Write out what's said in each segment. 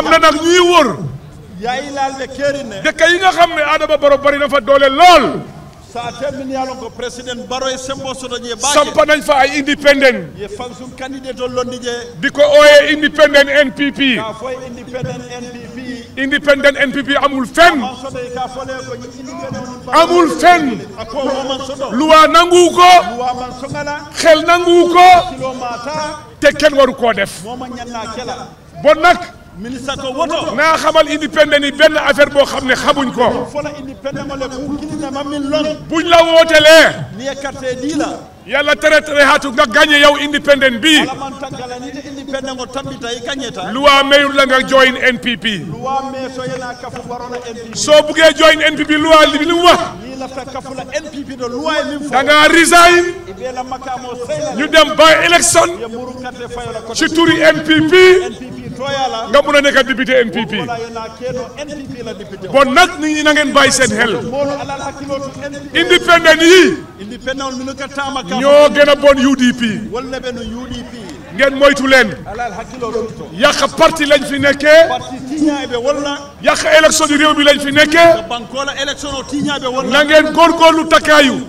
am na nag ñuy yi nga xam ne Adama Barrow bari na fa doole lool. sa termini yalon ko président Barrow sembo soto je ko ooyee independent NPP ka foy amul fenn amul fenn luwa nangu ko xel nangu ko te kenn waru koo def bon nag ministre ko woto naa xamal indépendant yi benn affaire boo xam ne xamuñ ko fona indépendant buñ la wootelee ni carte di la yàlla tere tere haatu nga gagné yow indépendant bi alaman taggala o ta loi mayul la nga join NPP loi mais so yena kafu warona NPP soo buggee join NPP loi li mu wax ni la fa kafu eh la ñu dem ba élection ci turi NPP nga mun a nekk député NPP bon nag nit ñi na ngeen bàyyi seen xel indépendant yi ñoo gën a bon UDP ngeen moytu leen yàq parti lañ fi nekkee yàq élection di réew mi lañ fi nekkee na ngeen góorgóorlu takkaayu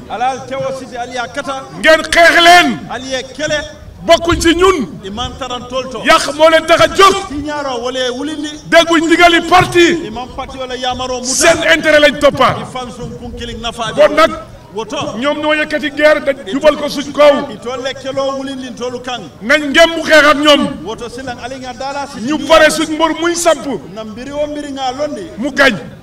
ngeen xeex leen. bokkuñ ci ñun. yàq moo leen tax a jóg. dégguñ ndigali parti. seen intérêt lañ toppa bon nag. ñoom ñoo yëkkati guerre da jubal ko suñ kaw nañ ngem bu xeex ak ñoom ñu pare suñ mbor muy samp mu gañ